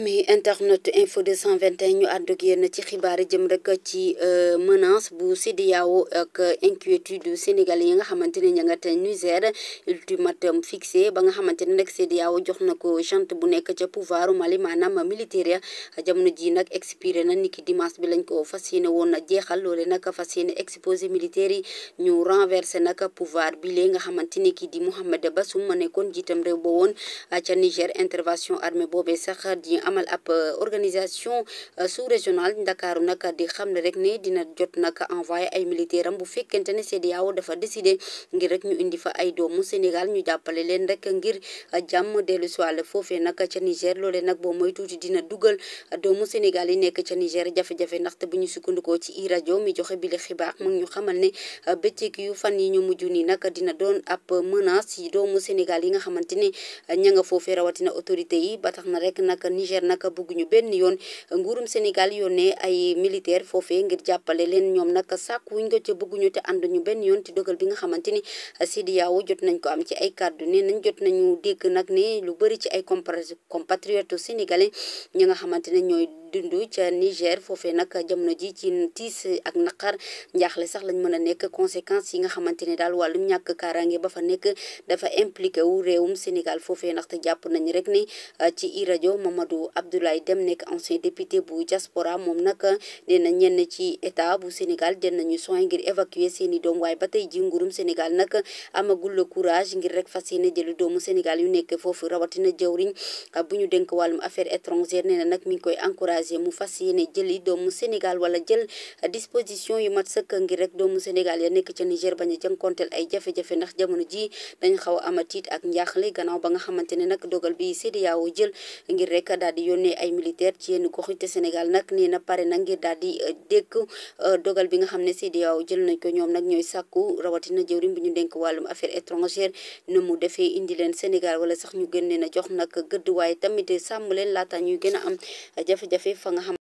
ami internet info 221 ñu àddu ak yéen ci xibaar jëm rek ci euh, menace bu CEDEAO ak euh, inquiétude sénégalais yi nga xamante ne ña nga te Niger ultimatum fixé ba nga xamante ne nag CEDEAO jox na ko junte bu nekk ca pouvoiru Mali maanaam militaire jamono ji nag expiré na niki dimanche bi lañ ko fas yéene woon a jeexal loole nag fas yéene exposé militaire yi ñu renversé nag pouvoir bi lee nga xamante ne kii di Mohamed Bazoum ma ba woon ca Niger intervention armée boobee amal ab euh, organisation euh, sous-régionale Ndakaaru nag di xam ne rek ne dina jot nag envoyé ay militaire am bu fekkente ne CEDEAO dafa décidé ngir rek ñu indi fa ay doomu Sénégal ñu jàppale leen rek ngir euh, jàmm dellu si wàll foofee nag ca Niger loolee nag boo mooy tuuti dina dugal doomu Sénégal yi nekk ca Niger jafe-jafe ndaxte bu ñu sukkandikoo ci i rajo mi joxe bile xibaar mu ngi ñu xamal ne bëccëg yu fan yi ñu mujj ni nag dina doon ab menace yi doomu nga xamante militaire nag bëgguñu benn yoon nguurum Sénégal ne ay militaire foofee ngir jàppale leen ñoom nag wuñ ko ca bëgguñu te ñu benn yoon ci dogal bi nga xamante ni CEDEAO jot nañ ko am ci ay kàddu ne nañ jot nañu dégg nag ne lu bëri ci ay compatriotes sénégalais ñi nga xamante ne ñooy dund ca Niger foofee nag jamono ji ci tiis ak naqar njaaxle sax lañ mën a nekk conséquence yi nga xamante ne daal wàllum ñàkk kaaraange ba fa nekk dafa impliqué wu réewum Sénégal foofee ndaxte jàpp nañ rek ni euh, ci i rajo Mamadou Abdoulaye Dem nekk ancien député bu diaspora moom nag nee na ñenn ci état bu Sénégal jël nañu soin ngir évacuer seen doom waaye ba tey ji ngurum Sénégal nag amagul la courage ngir rek fas yéene jël doomu Sénégal yu nekk foofu rawatina jëwriñ euh, bu ñu dénk wàllum affaires étrangères nee na nag koy encouragé engagé mu fas yéene jëli doomu Sénégal wala jël disposition yu mat sëkk ngir rek doomu Sénégal ya nekk ca Niger bañ a jënkonteel ay jafe-jafe ndax jamono ji dañ xaw a amatiit ak njaaxle gannaaw ba nga xamante ne nag dogal bi CEDEAO jël ngir rek daal di yónnee ay militaire ci yenn gox yi te Sénégal nag nee na pare na ngir daal di euh, dégg euh, dogal bi nga xam ne CEDEAO jël nañ ko ñoom nag ñooy sàkku rawatina jëwriñ bi ñu denk wàllum affaire étrangère na mu defee indi leen Sénégal wala sax ñu gën leen a a jafe-jafe fa